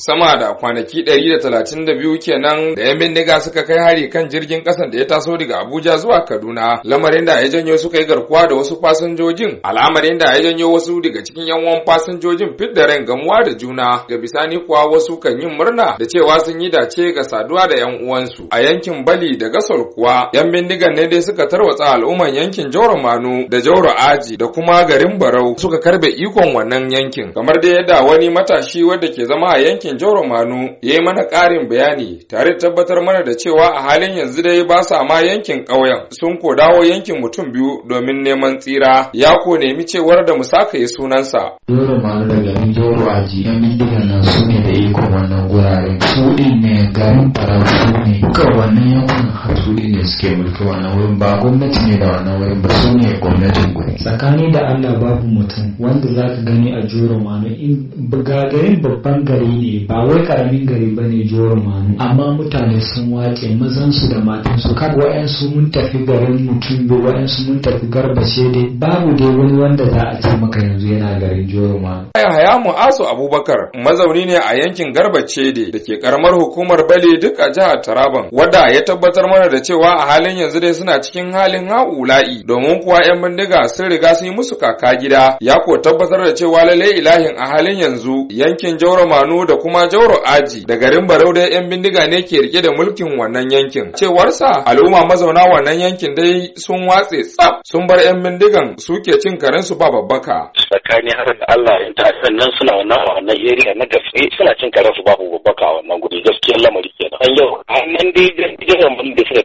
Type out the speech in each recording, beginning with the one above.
sama da kwanaki 132 kenan da yan bindiga suka kai hari kan jirgin kasan da ya taso daga Abuja zuwa Kaduna lamarin da ya janyo suka yi garkuwa da wasu fasinjojin al'amarin da ya janyo wasu daga cikin yan uwan fasinjojin fit da ran gamuwa da juna ga bisani kuwa wasu kan yin murna da cewa sun yi dace ga saduwa da yan uwansu a yankin Bali da Gasol kuwa yan bindigan ne dai suka tarwatsa al'umman yankin Jauro Manu da Jauro Aji da kuma garin Barau suka karbe ikon wannan yankin kamar dai yadda wani matashi wanda ke zama a yankin yankin Jauro Manu ya yi mana ƙarin bayani tare da tabbatar mana da cewa a halin yanzu dai ba sa ma yankin ƙauyen sun ko dawo yankin mutum biyu domin neman tsira ya ko nemi cewar da yi sunansa. Jauro Manu da garin Jauro Aji nan su ne da iko wannan gurare. Su ne garin farautu ne. Duka wannan yankunan su ne suke mulki wannan wurin ba gwamnati ne da wannan wurin ba su ne gwamnatin guri tsakani da Allah babu mutum wanda za ka gani a jorin manu in gagarin babban gari ne ba wai karamin gari ba ne jorin amma mutane sun wace mazan su da matan su kar wa'yansu mun tafi garin mutum bi wa'yansu mun tafi garbace dai babu dai wani wanda za a ce maka yanzu yana garin joro manu. Yahaya asu Abubakar mazauni ne a yankin Garba garbace da ke karamar hukumar Bale duk a jihar Taraban wadda ya tabbatar mana da da cewa a halin yanzu dai suna cikin halin ha'ula'i domin kuwa 'yan bindiga sun riga sun yi musu kaka gida ya ko tabbatar da cewa lalle ilahin a halin yanzu yankin jauro manu da kuma jauro aji da garin barau da 'yan bindiga ne ke rike da mulkin wannan yankin cewarsa al'umma mazauna wannan yankin dai sun watse tsaf sun bar 'yan bindigan suke cin su ba babbaka tsakani har da Allah in ta sannan suna wannan wannan area na gaske suna cin su babu babbaka wannan gudu gaskiyar lamari kenan an yau an nan dai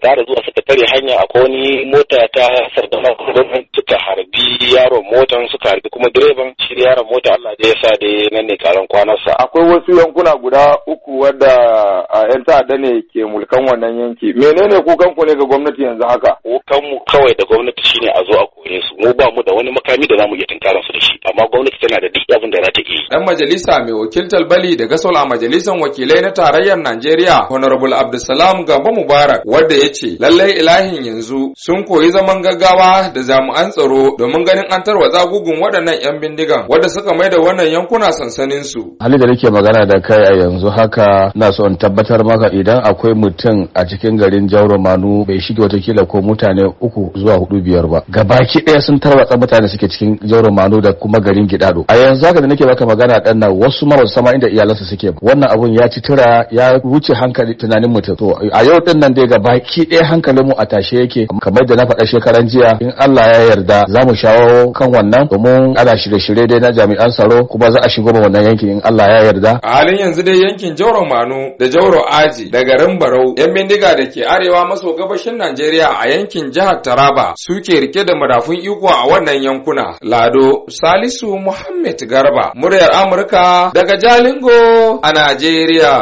that is what ne akwai wani mota ta sardama gwamnati suka harbi yaron motan suka harbi kuma direban shi yaron mota Allah da ya sa da nan ne karan kwanarsa. Akwai wasu yankuna guda uku wadda yan ta'adda ne ke mulkan wannan yanki. Menene kukan ku ne ga gwamnati yanzu haka? Kukan mu kawai da gwamnati shine a zo a kore su. Mu ba mu da wani makami da zamu iya tunkaran su da shi. Amma gwamnati tana da duk abin da za ta iya. Dan majalisa mai wakiltar Bali da gasol a majalisar wakilai na tarayyar Najeriya Honorable Abdulsalam Gambo Mubarak wadda ya ce lallai ilahin yanzu sun koyi zaman gaggawa da jami'an tsaro domin ganin an tarwatsa zagugun waɗannan 'yan bindigan wadda suka mai da wannan yankuna sansanin su. Hali da nake magana da kai a yanzu haka na so in tabbatar maka idan akwai mutum a cikin garin Jauro Manu bai shige watakila ko mutane uku zuwa hudu biyar ba. Gabaki ɗaya sun tarwatsa mutane suke cikin Jauro Manu da kuma garin Gidado. A yanzu haka da nake maka magana ɗan nan wasu ma wasu sama inda iyalansu suke ba. Wannan abun ya ci tura ya wuce hankali tunanin mutum. To a yau ɗin nan dai gabaki ɗaya hankalinmu a tashi ƙarshe yake kamar da na faɗa shekaran jiya in Allah ya yarda za mu shawo kan wannan domin ana shirye-shirye dai na jami'an tsaro kuma za a shigo ma wannan yankin in Allah ya yarda. A halin yanzu dai yankin Jauro mano da Jauro Aji da garin Barau yan bindiga da ke arewa maso gabashin Najeriya a yankin jihar Taraba suke rike da madafun iko a wannan yankuna. Lado Salisu Muhammad Garba muryar Amurka daga Jalingo a Najeriya.